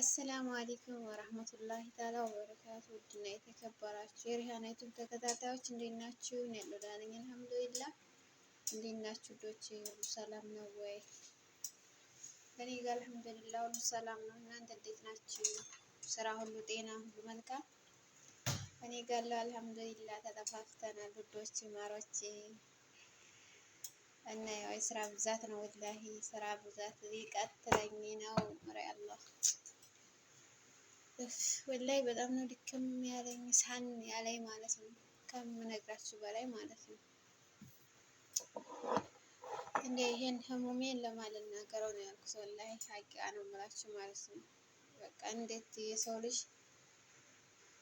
አሰላሙ አሌይኩም ወረህመቱላሂ ታላ ወበረካቱ። ውድና የተከበራችሁ የሪሃና ዩቱብ ተከታታዮች እንዴት ናችሁ? ያለዳነኝ አልሐምዱሊላ። እንዴት ናችሁ ዶች? ሁሉ ሰላም ነው ወይ? ከኔ ጋር አልሐምዱሊላ ሁሉ ሰላም ነው። እናንተ እንዴት ናችሁ? ስራ ሁሉ፣ ጤና ሁሉ መልካም? ከኔ ጋር አልሐምዱሊላ። ተጠፋፍተናል ውዶች፣ ማሮች እና ያው የስራ ብዛት ነው ወላሂ፣ ስራ ብዛት ይቀትለኝ ነው ሬ ወላይ በጣም ነው ድክም ያለኝ ሳን ያለኝ ማለት ነው፣ ከምነግራችሁ በላይ ማለት ነው። እንደ ይሄን ህሙሜን ለማልናገረው ነው ያልኩት። ወላይ ሀቂያ ነው የምላችሁ ማለት ነው። በቃ እንዴት የሰው ልጅ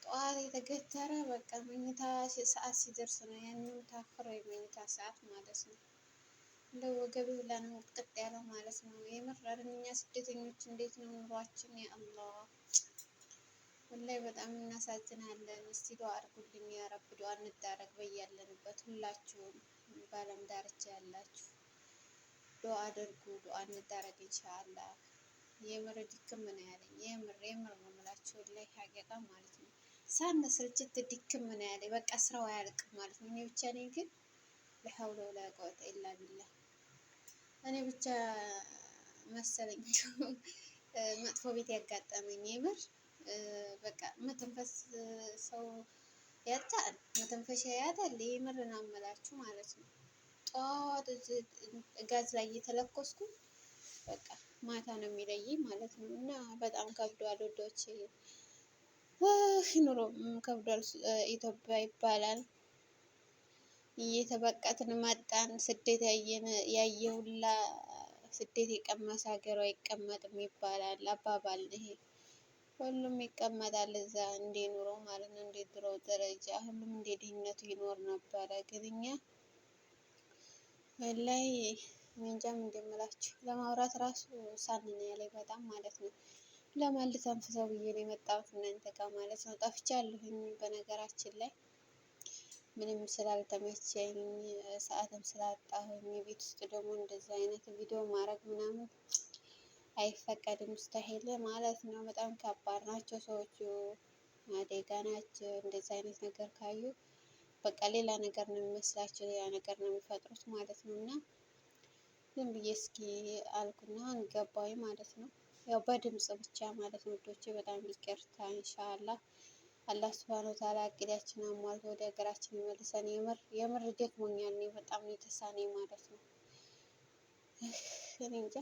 ጠዋት የተገተረ በቃ መኝታ ሰዓት ሲደርስ ነው ያንን ታፍሮ የመኝታ ሰዓት ማለት ነው። እንደ ወገብ ብላ ነው ቅጥ ያለው ማለት ነው። የምር እኛ ስደተኞች እንዴት ነው ኑሯችን? የአላህ ወላሂ በጣም እናሳዝናለን። እስቲ ዱአ አድርጉልኝ ያረብ፣ ዱአ እንዳረግ በያለንበት ሁላችሁም በዓለም ዳርቻ ያላችሁ ዱአ አድርጉ፣ ዱአ እንዳረግ ኢንሻአላ። የምር ድክም ነው ያለኝ፣ የምር የምር ነው የምላችሁ ላይ ሀቂቃ ማለት ነው። ሳነ ስርጭት ድክም ነው ያለኝ፣ በቃ ስራው አያልቅም ማለት ነው። እኔ ብቻ ነኝ ግን ለሐውለ ወላ ቁወተ ኢላ ቢላህ እኔ ብቻ መሰለኝ መጥፎ ቤት ያጋጠመኝ የምር በቃ መተንፈስ ሰው ያጣል። መተንፈሻ ያጣል። የምር ነው የምላችሁ ማለት ነው። ጠዋት ጋዝ ላይ እየተለኮስኩ በቃ ማታ ነው የሚለይ ማለት ነው። እና በጣም ከብዷል ወዶች ኑሮ ከብዷል። ኢትዮጵያ ይባላል እየተበቀትን መጣን። ስደት ያየሁላ ስደት የቀመሰ ሀገሯ አይቀመጥም ይባላል አባባል ይሄ ሁሉም ይቀመጣል እዛ እንደ ኑሮ ማለት ነው። እንደ ድሮ ደረጃ ሁሉም እንደ ድህነቱ ይኖር ነበረ። ግን እኛ ላይ መንጃ እንደምላችሁ ለማውራት ራሱ ሳንን ያለ በጣም ማለት ነው። ለማን ልተንፍሰው ብዬ ነው የመጣሁት እናንተ ጋር ማለት ነው። ጠፍቻለሁኝ በነገራችን ላይ ምንም ስላልተመቸኝ ሰዓትም ስላጣሁኝ ቤት ውስጥ ደግሞ እንደዚህ አይነት ቪዲዮ ማድረግ ምናምን አይፈቀድም ስተሄል ማለት ነው። በጣም ከባድ ናቸው ሰዎቹ፣ አደጋ ናቸው። እንደዚህ አይነት ነገር ካዩ በቃ ሌላ ነገር ነው የሚመስላቸው፣ ሌላ ነገር ነው የሚፈጥሩት ማለት ነው። እና ዝም ብዬ እስኪ አልኩና ገባኝ ማለት ነው። ያው በድምፅ ብቻ ማለት ነው። ውዶቼ በጣም ይቅርታ። እንሻላ አላህ ሱብሃነሁ ወተዓላ እቅዳችን አሟልቶ ወደ ሀገራችን ይመልሰን። የምር የምር ደክሞኛል። በጣም የተሳኔ ማለት ነው እኔ እንጃ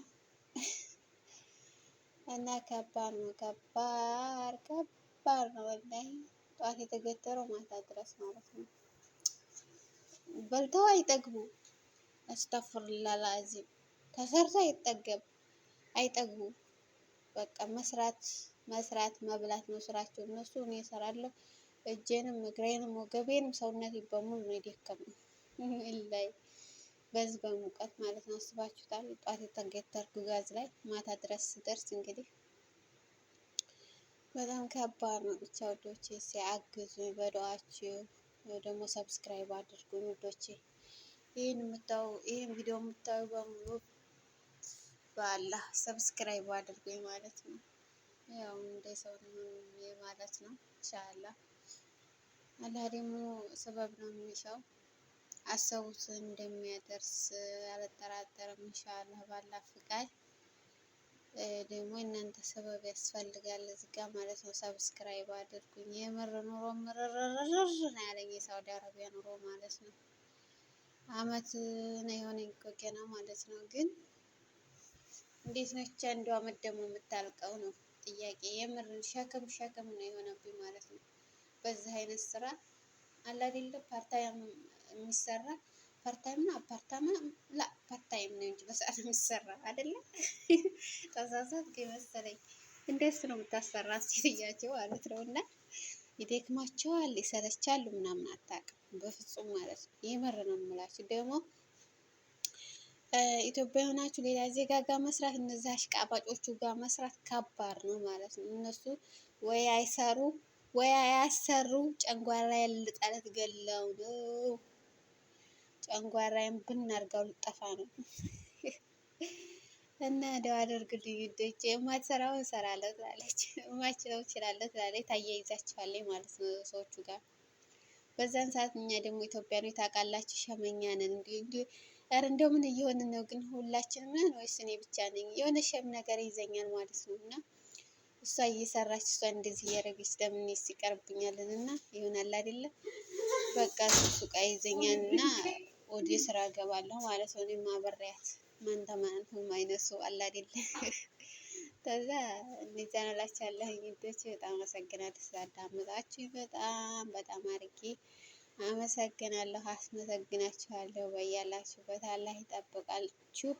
እና ከባድ ነው። ከባድ ከባድ ነው። ወላይ ጠዋት የተገተረው ማታ ድረስ ማለት ነው። በልተው አይጠግቡ። አስተፍርላ ላዚም ተሰርቶ አይጠገብ አይጠግቡ። በቃ መስራት መስራት መብላት ነው ስራቸው እነሱ። እኔ እሰራለሁ እጄንም እግሬንም ወገቤንም ሰውነት በሙሉ ነው የደከመው ላይ በዚህ በሙቀት ማለት ነው። አስባችሁታል? ጧት የተገተርኩ ጋዝ ላይ ማታ ድረስ ስደርስ እንግዲህ በጣም ከባድ ነው። ብቻ ውዶቼ ሲያግዙ በደዋችሁ ደግሞ ሰብስክራይብ አድርጉ ውዶቼ። ይህን የምታዩ ይህን ቪዲዮ የምታዩ በሙሉ በአላ ሰብስክራይብ አድርጉ ማለት ነው። ያው እንደ ሰው ማለት ነው። ኢንሻአላህ አላህ ደግሞ ሰበብ ነው የሚሻው አሰቡት እንደሚያደርስ አልጠራጠርም። ኢንሻአላህ ባላ ፍቃድ ደግሞ እናንተ ሰበብ ያስፈልጋል እዚህ ጋር ማለት ነው። ሰብስክራይብ አድርጉኝ። የምር ኑሮ ምርርርርር ነው ያለኝ የሳውዲ አረቢያ ኑሮ ማለት ነው። አመት ነው የሆነኝ እኮ ገና ማለት ነው። ግን እንዴት ነች አንዱ አመት ደግሞ የምታልቀው ነው ጥያቄ። የምር ሸክም ሸክም ነው የሆነብኝ ማለት ነው። በዚህ አይነት ስራ አላደለ ፓርታይም የሚሰራ ፓርታይም ነው አፓርታማ ላ ፓርታይም ነው እንጂ በሰዓት የሚሰራ አይደለም። ተሳሳትኩ መሰለኝ። እንደሱ ነው የምታሰራ ሴትያቸው ማለት ነው። እና ይደክማቸዋል፣ ይሰለቻሉ፣ ምናምን አታውቅም በፍጹም ማለት ነው። የምር ነው የምላችሁ ደግሞ ኢትዮጵያ የሆናችሁ ሌላ ዜጋ ጋር መስራት እነዚህ አሽቃባጮቹ ጋር መስራት ከባድ ነው ማለት ነው። እነሱ ወይ አይሰሩ ወይ አያሰሩ። ጨንጓራ ያልጣለት ገለው ነው ጨንጓራዬን ብን አድርጋው ልጠፋ ነው። እና ደው አድርግልኝ ውዶች፣ የማትሰራው እሰራለሁ ትላለች፣ የማችለው እችላለሁ ትላለች። ታያይዛችኋለች ማለት ነው ሰዎቹ ጋር በዛን ሰዓት። እኛ ደግሞ ኢትዮጵያ ነው ታውቃላችሁ ሸመኛ ነን። እንዲሁ እንዲሁ ኧረ እንደው ምን እየሆን ነው ግን ሁላችን ምን ወይስ እኔ ብቻ ነኝ? የሆነ ሸም ነገር ይዘኛል ማለት ነው። እና እሷ እየሰራች እሷ እንደዚህ እየረገች ለምን ይቀርብኛልን? እና ይሆናል አይደለም በቃ ሱቃ ይዘኛል እና ወደ ስራ ገባለሁ ማለት ነው። እኔም አብሬያት ማንተ ማንተም አይነት ሰው አለ አይደለ? ከዛ እንደዛ እንላችኋለን። እንግዶች በጣም አመሰግናለሁ ስላዳመጣችሁ፣ በጣም በጣም አድርጌ አመሰግናለሁ። አስመሰግናችኋለሁ። በያላችሁበት አላህ ይጠብቃችሁ።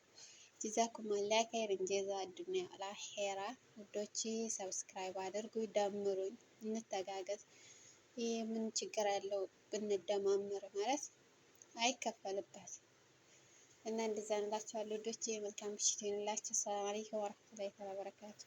ጀዛኩም አላህ ኸይረን ጀዛ ዱንያ ወል ውዶች ሰብስክራይብ አድርጉ፣ ደምሩኝ፣ እንተጋገዝ። ይህ ምን ችግር አለው ብንደማመር ማለት አይከፈልበት እና እንደዛ እንላችኋለሁ። ዶች መልካም ምሽት ይሁንላችሁ። ሰላም አለይኩም ወራህመቱላሂ ወበረካቱ